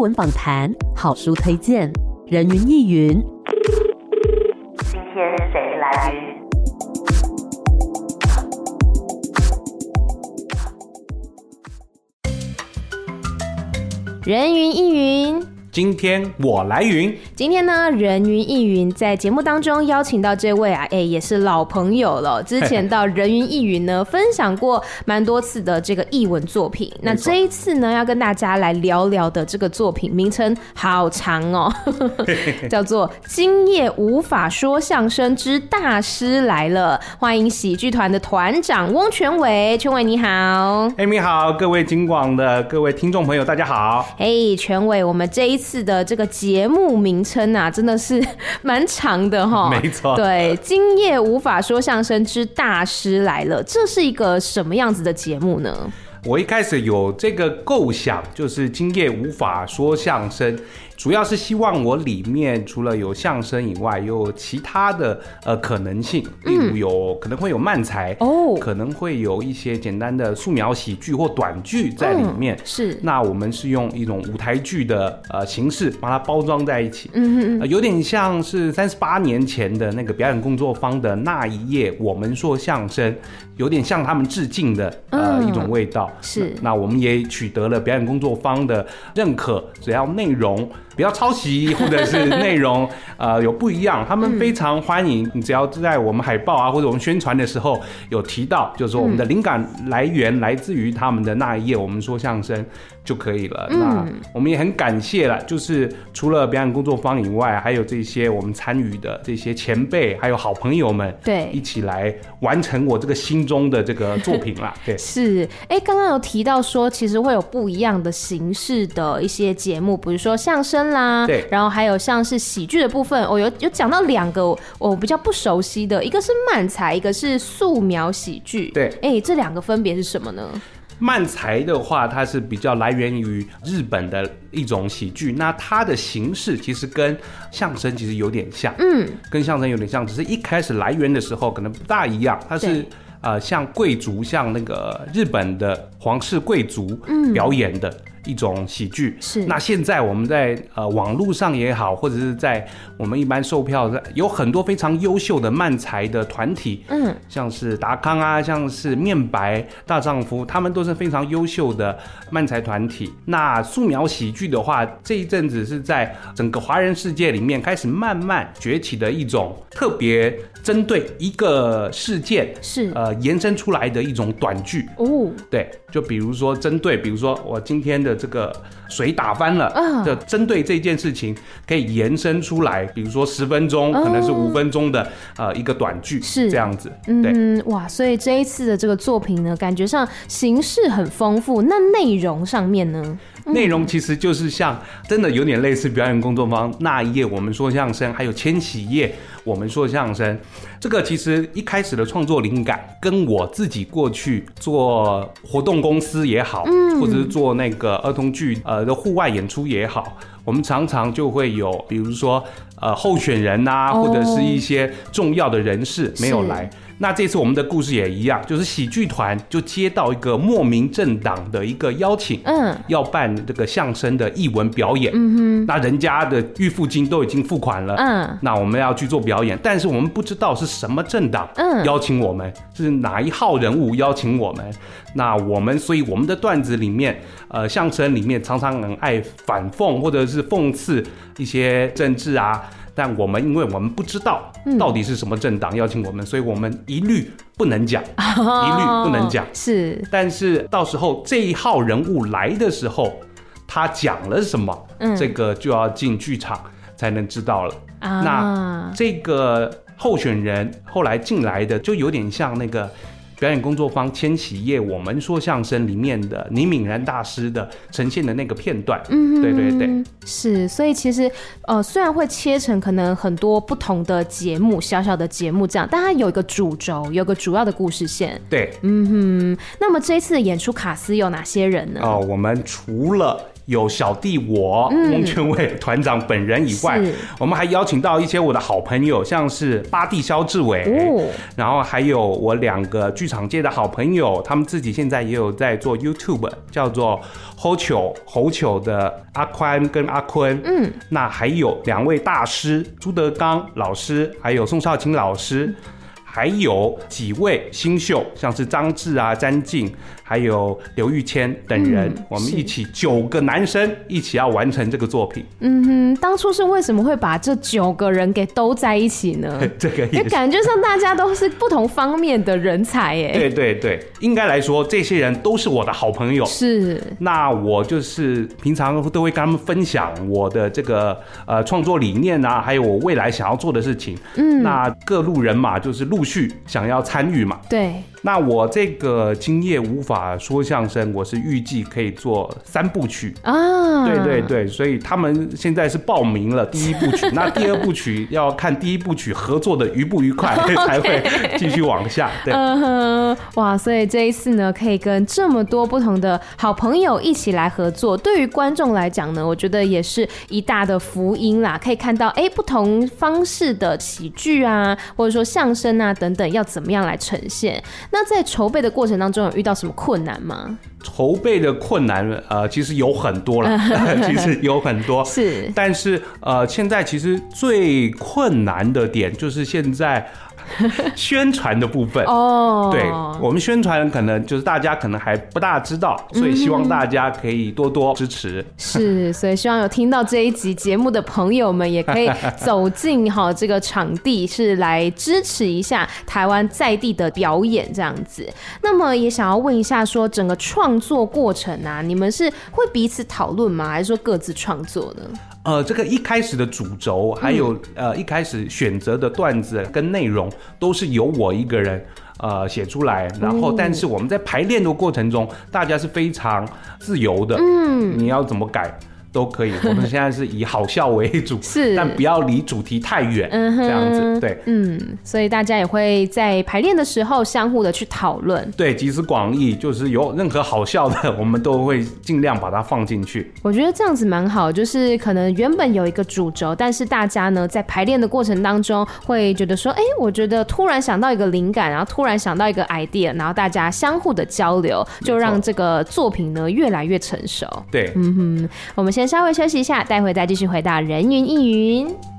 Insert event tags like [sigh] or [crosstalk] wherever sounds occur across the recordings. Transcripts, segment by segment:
文訪談、好書推薦、人云藝云。今天誰來云？人云藝云。今天我來云，今天呢人云藝云在節目當中邀請到這位啊，哎、欸、也是老朋友了，之前到人云藝云呢 [laughs] 分享過蠻多次的這個藝文作品，錯那這一次呢要跟大家來聊聊的這個作品名稱好長哦， [laughs] 叫做《今夜無法說相聲之大師來了》，歡迎喜劇團的團長翁銓偉，銓偉你好，哎你好，各位京廣的各位聽眾朋友大家好，哎銓偉我們這一次。的這個節目名稱啊，真的是蠻長的哈，沒錯，對，今夜無法說相聲之大師來了，這是一個什麼樣子的節目呢？我一開始有這個構想，就是今夜無法說相聲。主要是希望我裡面除了有相聲以外，有其他的呃可能性，例如有、嗯、可能會有漫才哦，可能會有一些簡單的素描喜劇或短劇在裡面。嗯、是，那我們是用一種舞台劇的呃形式把它包裝在一起，嗯嗯哼、呃、有點像是三十八年前的那個表演工作坊的那一夜，我們說相聲，有點向他們致敬的呃、嗯、一種味道。是那，那我們也取得了表演工作坊的認可，只要內容。不要抄襲，或者是內容， [laughs] 呃，有不一樣，他們非常歡迎。嗯、你只要在我們海報啊，或者我們宣傳的時候有提到，就是說我們的靈感來源、嗯、來自於他們的那一夜，我們說相聲。就可以了。那我們也很感謝了，嗯、就是除了表演工作坊以外，還有這些我們參與的這些前輩，還有好朋友們，對，一起來完成我這個心中的這個作品啦。對，是。哎、欸，剛剛有提到說，其實會有不一樣的形式的一些節目，比如說相聲啦，對，然後還有像是喜劇的部分。我、哦、有有講到兩個、哦、我比較不熟悉的，一個是漫才，一個是素描喜劇。對，哎、欸，這兩個分別是什麼呢？漫才的話，它是比較來源於日本的一種喜劇，那它的形式其實跟相聲其實有點像，嗯，跟相聲有點像，只是一開始來源的時候可能不大一樣，它是對呃像貴族，像那個日本的皇室貴族，嗯，表演的。嗯一種喜劇是。那現在我們在呃網路上也好，或者是在我們一般售票，有很多非常優秀的漫才的團體，嗯，像是達康啊，像是面白大丈夫，他們都是非常優秀的漫才團體。那素描喜劇的話，這一陣子是在整個華人世界裡面開始慢慢崛起的一種特別。針對一個事件是呃延伸出來的一種短劇哦，對，就比如說針對，比如說我今天的這個水打翻了，哦、就針對這件事情可以延伸出來，比如說十分鐘、哦、可能是五分鐘的呃一個短劇是這樣子，對嗯哇，所以這一次的這個作品呢，感覺上形式很豐富，那內容上面呢，嗯、內容其實就是像真的有點類似表演工作坊那一夜我們說相聲，還有千禧夜。我們說相聲，這個其實一開始的創作靈感，跟我自己過去做活動公司也好，嗯，或者是做那個兒童劇，呃，的戶外演出也好，我們常常就會有，比如說，呃，候選人啊，或者是一些重要的人士沒有來。哦那這次我們的故事也一樣，就是喜劇團就接到一個莫名政黨的一個邀請，嗯，要辦這個相聲的藝文表演，嗯哼，那人家的預付金都已經付款了，嗯，那我們要去做表演，但是我們不知道是什麼政黨，嗯，邀請我們，嗯，是哪一號人物邀請我們。那我們所以我們的段子裡面，呃，相聲裡面常常很愛反諷或者是諷刺一些政治啊。但我們因為我們不知道到底是什麼政黨邀請我們，嗯、所以我們一律不能講，哦、一律不能講。是，但是到時候這一號人物來的時候，他講了什麼，嗯、這個就要進劇場才能知道了。啊、那這個候選人後來進來的，就有點像那個。表演工作坊千禧夜，我們說相聲裡面的倪敏然大師的呈現的那個片段，嗯哼，對對對、嗯，是，所以其實，呃，雖然會切成可能很多不同的節目，小小的節目這樣，但它有一個主軸，有個主要的故事線，對，嗯哼。那麼這一次的演出卡司有哪些人呢？哦，我們除了。有小弟我翁銓偉團長本人以外，是我們還邀請到一些我的好朋友，像是八弟肖志偉，哦、然後還有我兩個劇場界的好朋友，他們自己現在也有在做 YouTube，叫做侯球侯球，的阿寬跟阿坤，嗯，那還有兩位大師朱德剛老師，還有宋少卿老師。還有幾位新秀，像是張智啊、詹靜，還有劉玉謙等人，嗯、我們一起九個男生一起要完成這個作品。嗯哼，當初是為什麼會把這九個人給兜在一起呢？這個也感覺上大家都是不同方面的人才耶。 [laughs] 對對對，應該來說，這些人都是我的好朋友。是，那我就是平常都會跟他們分享我的這個呃創作理念啊，還有我未來想要做的事情。嗯，那各路人馬就是陸。去想要參與嘛，對，那我這個今夜無法說相聲，我是預計可以做三部曲啊。對對對，所以他們現在是報名了第一部曲， [laughs] 那第二部曲要看第一部曲合作的愉不愉快， [laughs] Okay 才會繼續往下。對，嗯，哇，所以這一次呢，可以跟這麼多不同的好朋友一起來合作，對於觀眾來講呢，我覺得也是一大的福音啦。可以看到，哎、欸，不同方式的喜劇啊，或者說相聲啊。等等要怎麼樣來呈現？那在籌備的過程當中，有遇到什麼困難嗎？籌備的困難，呃，其實有很多了， [laughs] 其實有很多。是，但是呃，現在其實最困難的點就是現在。 [laughs] 宣傳的部分哦，oh, 對，我們宣傳可能就是大家可能還不大知道，所以希望大家可以多多支持。 [laughs] 是，所以希望有聽到這一集節目的朋友們，也可以走進哈這個場地，是來支持一下台灣在地的表演這樣子。那麼也想要問一下，說整個創作過程啊，你們是會彼此討論嗎，還是說各自創作呢？呃，這個一開始的主軸，還有呃一開始選擇的段子跟內容，都是由我一個人呃寫出來，然後但是我們在排練的過程中，大家是非常自由的，嗯，你要怎麼改？都可以，我們現在是以好笑為主，是，但不要離主題太遠，嗯、哼這樣子，對，嗯，所以大家也會在排練的時候相互的去討論，對，集思廣益，就是有任何好笑的，我們都會盡量把它放進去。我覺得這樣子蠻好，就是可能原本有一個主軸，但是大家呢在排練的過程當中會覺得說，哎，我覺得突然想到一個靈感，然後突然想到一個 idea，然後大家相互的交流，就讓這個作品呢越來越成熟。對錯，嗯哼，我們。先稍微休息一下，待會再繼續回到人云藝云。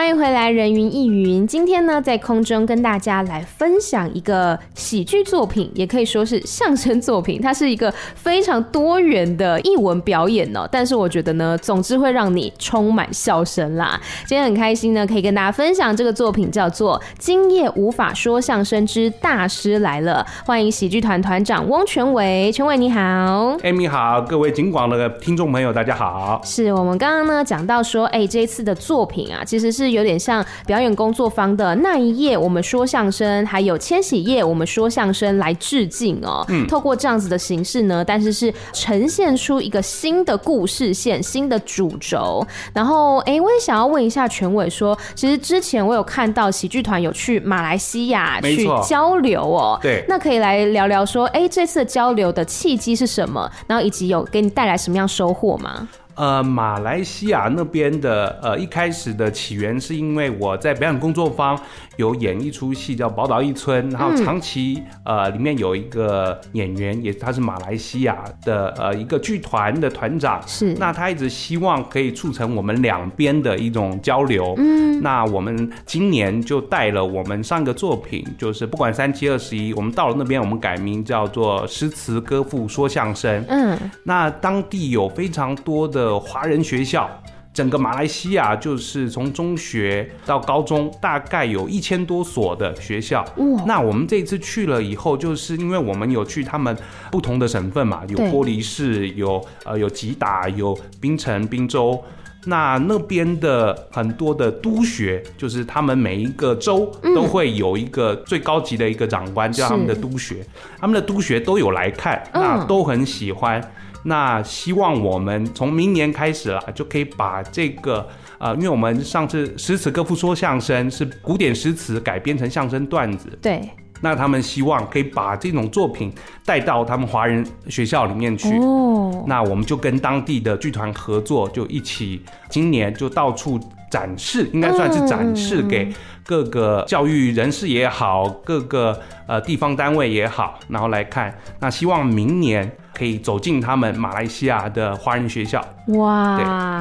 歡迎回來，人云藝云。今天呢，在空中跟大家來分享一個喜劇作品，也可以說是相聲作品。它是一個非常多元的藝文表演哦。但是我覺得呢，總之會讓你充滿笑聲啦。今天很開心呢，可以跟大家分享這個作品，叫做《今夜無法說相聲之大師來了》。歡迎喜劇團團長翁銓偉，銓偉你好。哎，你好，各位警廣的聽眾朋友大家好。是我們剛剛呢講到說，哎，這次的作品啊，其實是。有點像表演工作坊的那一夜，我們說相聲，還有千禧夜我們說相聲來致敬哦、喔。嗯，透過這樣子的形式呢，但是是呈現出一個新的故事線、新的主軸。然後，哎、欸，我也想要問一下銓偉說，其實之前我有看到喜劇團有去馬來西亞去交流哦、喔。對，那可以來聊聊說，哎、欸，這次交流的契機是什麼？然後以及有給你帶來什麼樣收穫嗎？呃，馬來西亞那邊的呃，一開始的起源是因為我在表演工作坊，有演一出戲叫《寶島一村》，然後長期、嗯、呃，裡面有一個演員也是他是馬來西亞的呃一個劇團的團長，是那他一直希望可以促成我們兩邊的一種交流。嗯，那我們今年就帶了我們上個作品，就是不管三七二十一，我們到了那邊，我們改名叫做《詩詞歌賦說相聲》。嗯，那當地有非常多的華人學校。整個馬來西亞就是從中學到高中，大概有一千多所的學校。哦、那我們這次去了以後，就是因為我們有去他們不同的省份嘛，有玻璃市，對有呃有吉打，有檳城、檳州。那那邊的很多的督學，就是他們每一個州都會有一個最高級的一個長官，叫、嗯、他們的督學，是他們的督學都有來看，啊，都很喜歡。哦那希望我們從明年開始了啊，就可以把這個呃，因為我們上次詩詞歌賦說相聲是古典詩詞改編成相聲段子，對。那他們希望可以把這種作品帶到他們華人學校裡面去。哦。那我們就跟當地的劇團合作，就一起今年就到處展示，應該算是展示給各個教育人士也好，各個呃地方單位也好，然後來看。那希望明年。可以走進他們馬來西亞的華人學校，哇！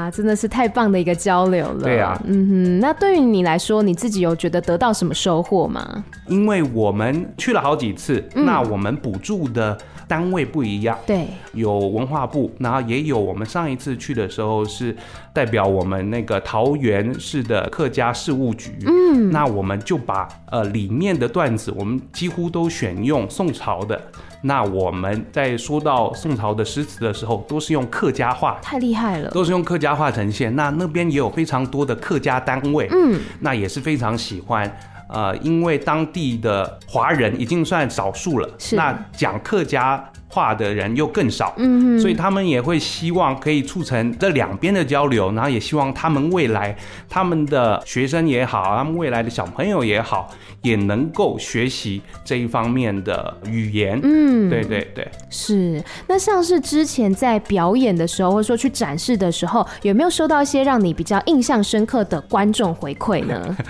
對真的是太棒的一個交流了。對啊，嗯哼，那對於你來說，你自己有覺得得到什麼收穫嗎？因為我們去了好幾次，嗯、那我們補助的。單位不一樣，對，有文化部，然後也有我們上一次去的時候，是代表我們那個桃園市的客家事務局。嗯，那我們就把呃裡面的段子，我們幾乎都選用宋朝的。那我們在說到宋朝的詩詞的時候，都是用客家話，太厲害了，都是用客家話呈現。那那邊也有非常多的客家單位，嗯，那也是非常喜歡。呃，因為當地的華人已經算少數了，是那講客家話的人又更少，嗯哼，所以他們也會希望可以促成這兩邊的交流，然後也希望他們未來他們的學生也好，他們未來的小朋友也好，也能夠學習這一方面的語言，嗯，對對對，是。那像是之前在表演的時候，或者說去展示的時候，有沒有收到一些讓你比較印象深刻的觀眾回饋呢？ [laughs]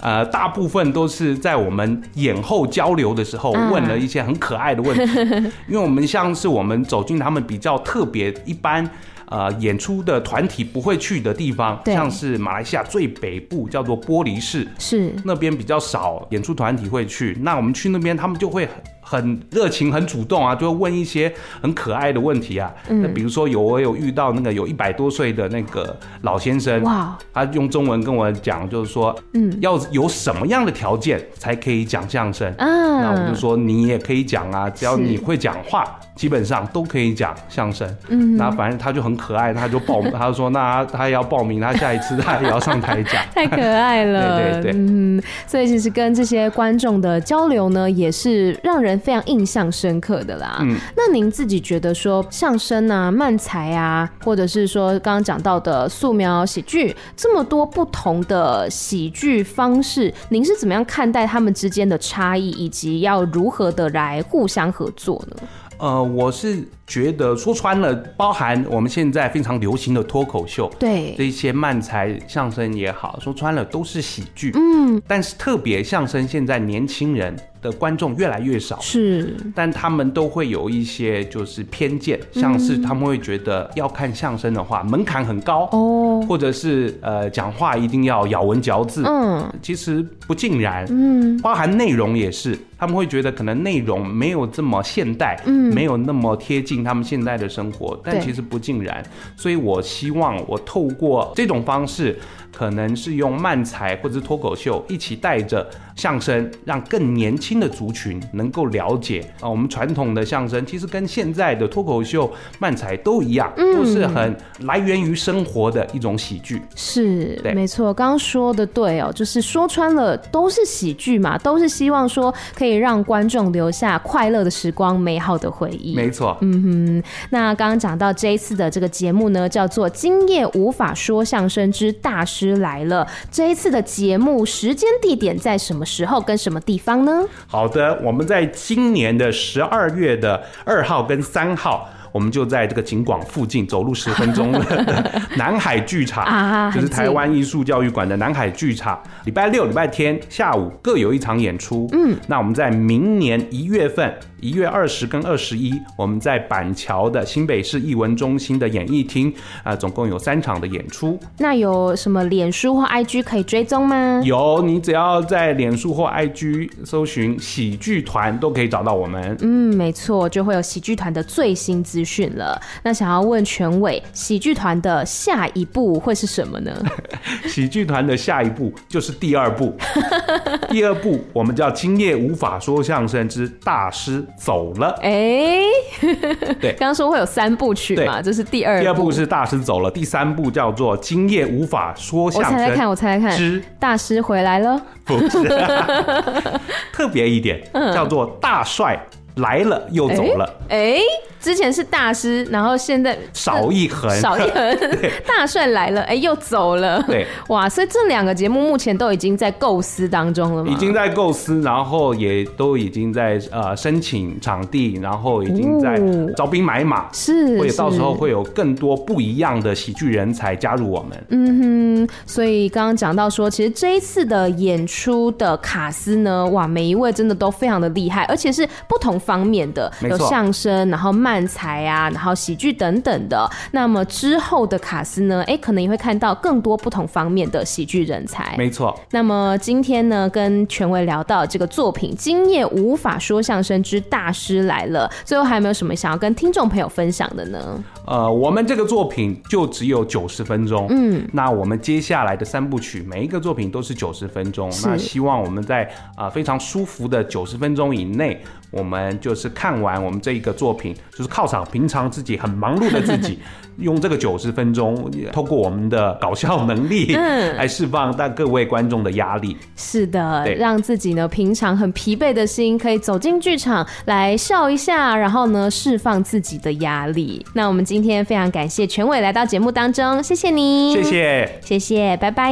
呃，大部分都是在我們演後交流的時候，問了一些很可愛的問題，嗯、 [laughs] 因為我們像是我們走進他們比較特別一般，呃，演出的團體不會去的地方，對像是馬來西亞最北部叫做玻璃市，是那邊比較少演出團體會去，那我們去那邊他們就會很很熱情，很主動啊，就會問一些很可愛的問題啊。嗯、那比如說有我有遇到那個有一百多歲的那個老先生，哇，他用中文跟我講，就是說，嗯，要有什麼樣的條件才可以講相聲？嗯、啊，那我就說你也可以講啊，只要你會講話，是基本上都可以講相聲。嗯哼，那反正他就很可愛，他就報， [laughs] 他就說那他，他要報名，他下一次他也要上台講。 [laughs] 太可愛了， [laughs] 對，對對對，嗯，所以其實跟這些觀眾的交流呢，也是讓人。非常印象深刻的啦。嗯，那您自己覺得說相聲啊、漫才啊，或者是說剛剛講到的素描喜劇，這麼多不同的喜劇方式，您是怎麼樣看待他們之間的差異，以及要如何的來互相合作呢？呃，我是。覺得說穿了，包含我們現在非常流行的脫口秀，對，這些漫才相聲也好，說穿了都是喜劇。嗯，但是特別相聲，現在年輕人的觀眾越來越少。是，但他們都會有一些就是偏見，像是他們會覺得要看相聲的話門檻很高哦，或者是呃講話一定要咬文嚼字。嗯，其實不盡然。嗯，包含內容也是，他們會覺得可能內容沒有這麼現代，嗯，沒有那麼貼近。他們現在的生活，但其實不盡然，對所以我希望我透過這種方式，可能是用漫才或者是脫口秀一起帶着相聲，讓更年輕的族群能夠了解啊，我們傳統的相聲其實跟現在的脫口秀、漫才都一樣，都是很來源於生活的一種喜劇。嗯、對是，沒錯，剛剛說的對哦、喔，就是說穿了都是喜劇嘛，都是希望說可以讓觀眾留下快樂的時光、美好的回憶。沒錯錯，嗯哼。那剛剛講到這一次的這個節目呢，叫做《今夜無法說相聲之大師》。來了，這一次的節目時間、地點在什麼時候、跟什麼地方呢？好的，我們在今年的十二月的二號跟三號。我們就在這個景廣附近，走路十分鐘。 [laughs] 南海劇場就、 [laughs] 啊、哈是台灣藝術教育館的南海劇場，近禮拜六、禮拜天下午各有一場演出。嗯，那我們在明年一月份，一月二十跟二十一，我們在板橋的新北市藝文中心的演藝廳啊、呃，總共有三場的演出。那有什麼臉書或 IG 可以追蹤嗎？有，你只要在臉書或 IG 搜尋喜劇團，都可以找到我們。嗯，沒錯，就會有喜劇團的最新資資訊了，那想要問銓偉，喜劇團的下一步會是什麼呢？ [laughs] 喜劇團的下一步就是第二部。 [laughs] 第二部，我們叫《今夜無法說相聲之大師走了》欸。哎， [laughs] 對，剛剛說會有三部曲嘛，這對是第二部，第二部是《大師走了》，第三部叫做《今夜無法說相聲》，我猜猜看，我猜猜看，《大師回來了，》 [laughs] 不是， [laughs] 特別一點、嗯、叫做《大帥來了又走了》欸。哎、欸。之前是大師，然後現在少一橫，少一橫，對大帥來了，哎，又走了，對，哇，所以這兩個節目目前都已經在構思當中了嗎？已經在構思，然後也都已經在呃申請場地，然後已經在招兵買馬，是，哦，會到時候會有更多不一樣的喜劇人才加入我們，嗯哼，所以剛剛講到說，其實這一次的演出的卡司呢，哇，每一位真的都非常的厲害，而且是不同方面的，有相聲，錯然後麥。漫才啊，然後喜劇等等的，那麼之後的卡斯呢？哎，可能也會看到更多不同方面的喜劇人才。沒錯。那麼今天呢，跟銓偉聊到這個作品《今夜無法說相聲之大師來了》，最後還有沒有什麼想要跟聽眾朋友分享的呢？呃，我們這個作品就只有九十分鐘。嗯。那我們接下來的三部曲，每一個作品都是九十分鐘。是那希望我們在，呃，非常舒服的九十分鐘以內。我們就是看完我們這一個作品，就是犒賞平常自己很忙碌的自己， [laughs] 用這個九十分鐘，透過我們的搞笑能力，嗯，來釋放但各位觀眾的壓力。是的，對讓自己呢，平常很疲憊的心，可以走進劇場來笑一下，然後呢，釋放自己的壓力。那我們今天非常感謝銓偉來到節目當中，謝謝你，謝謝，謝謝，拜拜。